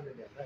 看着脸呗。